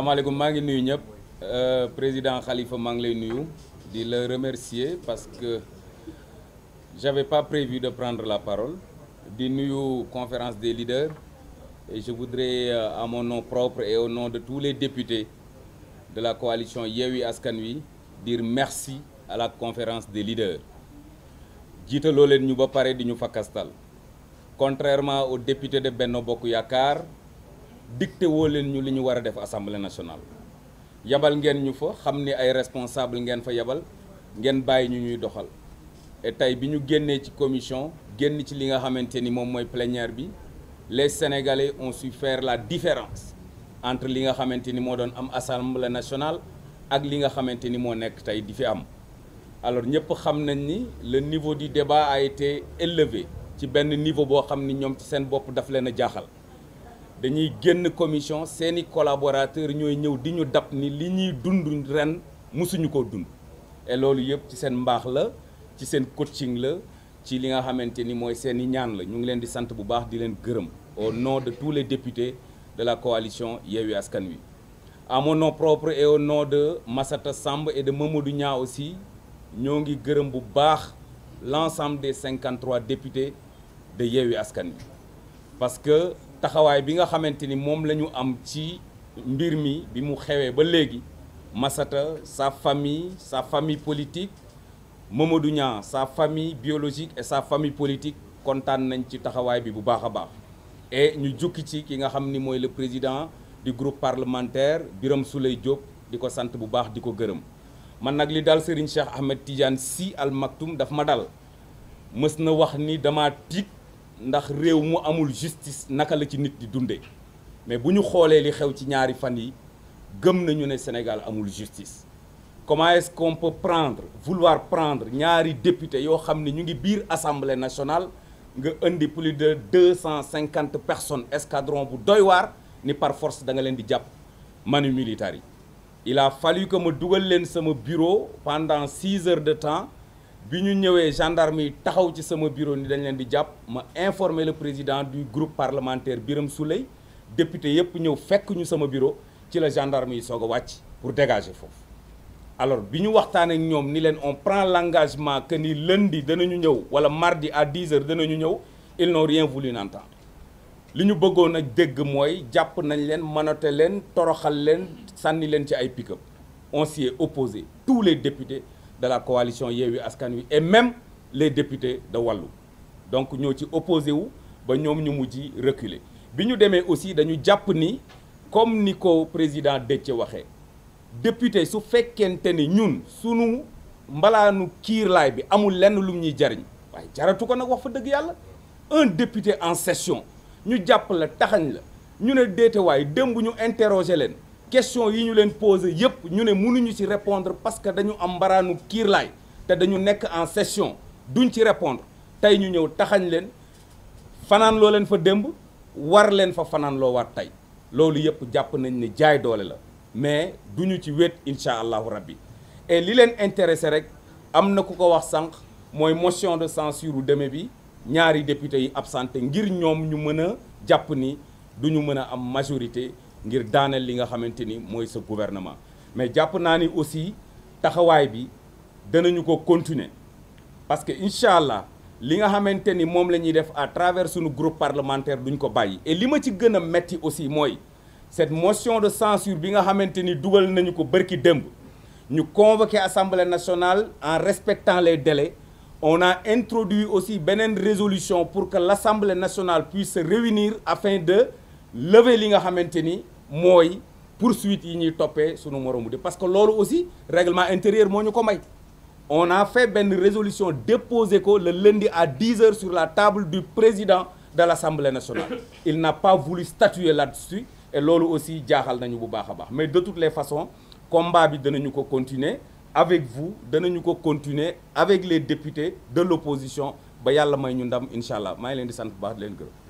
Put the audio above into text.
salaamaaleykum maa ngi nuyu ñëpp euh, président Khalifa maa ngi lay nuyu di la remercier parce que j'avais pas prévu de prendre la parole di nuyu conférence des leaders et je voudrais euh, à mon nom propre et au nom de tous les députés de la coalition Yewwi Askan Wi dire merci à la conférence des leaders jiitaloo leen ñu ba pare di ñu fakkastal contrairement au député de benn Bokk Yaakaar dicté woo leen ñu li ñu war a def assemblée nationale yabal ngeen ñu fa xam ni ay responsable ngeen fa yabal ngeen bàyyi ñu ñuy doxal et tey bi ñu génnee ci commission génn ci li nga xamante ni moom mooy plénière bi les sénégalais on su faire la différence entre li nga xamante ni moo doon am assemblée nationale ak li nga xamante ni moo nekk tey di fi am alors ñëpp xam na ni le niveau di débat a été élevé ci benn niveau boo xam ni ñoom ci seen bopp daf leen a jaaxal dañuy génn commission seeni collaborateurs ñooy ñëw di ñu dab ni li ñuy dund ren mësuñu ko dund et loolu yëpp ci seen mbaax la ci seen coaching la ci li nga xamante ni mooy seeni ñaan la ñu ngi leen di sant bu baax di leen gërëm au nom de tous les députés de la coalition Yewwi Askan Wi amoon mon nom propre et au nom de Massata Samb et de Mamadou Niang aussi ñoo ngi gërëm bu baax l'ensemble des 53 députés de Yewwi Askan Wi parce taxawaay bi nga xamante ni moom la ñu am ci mbir mi bi mu xewee ba léegi Massata sa famille sa famille politique Mamadou Niang sa famille biologique et sa famille politique kontaan nañ ci taxawaay bi bu baax a baax et ñu jukki ci ki nga xam ni mooy le président du groupe parlementaire Birame Souleye Diop di ko sant bu baax di ko gërëm man nag li daal Serigne Cheikh Ahmed Tidiane Sy Al Maktoum daf ma dal mës na wax ni dama tiit ndax réew mu amul justice naka la ci nit di dundee mais bu ñu xoolee li xew ci ñaari fan yi gëm nañu ne Sénégal amul justice comment est qu'on peut prendre vouloir prendre ñaari député yoo xam ne ñu ngi biir assemblée nationale nga indi plus de deux cent cinquante personnes escadron bu doy waar ni par force da nga leen di jàpp manu militari yi il a fallu ko ma dugal leen sama bureau pendant six heures de temps bi ñu ñëwee gendarme yi taxaw ci sama bureau ni dañ leen di jàpp ma informé la président du groupe parlementaire biram Souley député yëpp ñëw fekk ñu sama bureau ci la gendarme yi soog a wàcc pour dégager foofu alors bi ñu waxtaan ak ñoom ni leen on prend l'engagement que ni lundi danañu ñëw wala mardi à 10 heures danañu ñëw ils n'ont rien voulu n'entendre li ñu bëggoon a dégg mooy jàpp nañ leen manote leen toroxal leen sànni leen ci ay pick-up on s'y tous les députés de la coalition Yewwi Askan Wi et même les députés de Wallu donc ñoo ci opposé wu ba ñoom ñu mujj reculer bi ñu demee aussi dañu jàpp ni comme ni ko président Déthié waxee député su fekkente ni ñun sunu mbalaanu kiirlaay bi amul lenn lu ñuy jariñ waaye jaratu ko nag wax fa dëgg yàlla un député en session ñu jàpp la taxañ la ñu ne déete waaye démb ñu interroger leen question yi ñu leen posé yëpp ñu ne munuñu ci répondre parce que dañu am mbaraanu kiirlaay te dañu nekk en session duñ ci répondre tey ñu ñëw taxañ leen fanaan loo leen fa démb war leen fa fanaan loo waat tey loolu yëpp jàpp nañ ni jaay doole la mais du ñu ci wet incha allahu rabbi et li leen intéressé rek am na ku ko wax sànq mooy motion de censure u deme bi ñaari député yi absenté ngir ñoom ñu mën a jàpp ni duñu mën a am majorité ngir daaneel li nga xamante ni mooy sa gouvernement mais jàpp naa ni aussi taxawaay bi danañu ko continuer parce que incha allah li nga xamante ni moom la ñuy def à travers suñu groupe parlementaire duñ ko bàyyi et li ma ci gën a metti aussi mooy cette motion de censure bi nga xamante ni dugal nañu ko bërki démb ñu convoqué assemblée nationale en respectant les délais on a introduit aussi beneen résolution pour que l'assemblée nationale puisse se réunir afin de lever li nga xamante ni mooy poursuite yi ñuy toppee sunu moromu de parce que loolu aussi réglement intérieur moo ñu ko may on a fait benn résolution déposé ko le lundi à 10 heures sur la table du président de l'Assemblée nationale il n'a pas voulu statuer là-dessus et loolu aussi jaaxal nañu bu baax a baax mais de toutes les façons combat bi danañu ko continuer avec vous danañu ko continuer avec les députés de l'opposition ba yàlla may ñu ndam incha allah maa ngi leen di sant bu baax leen gërëm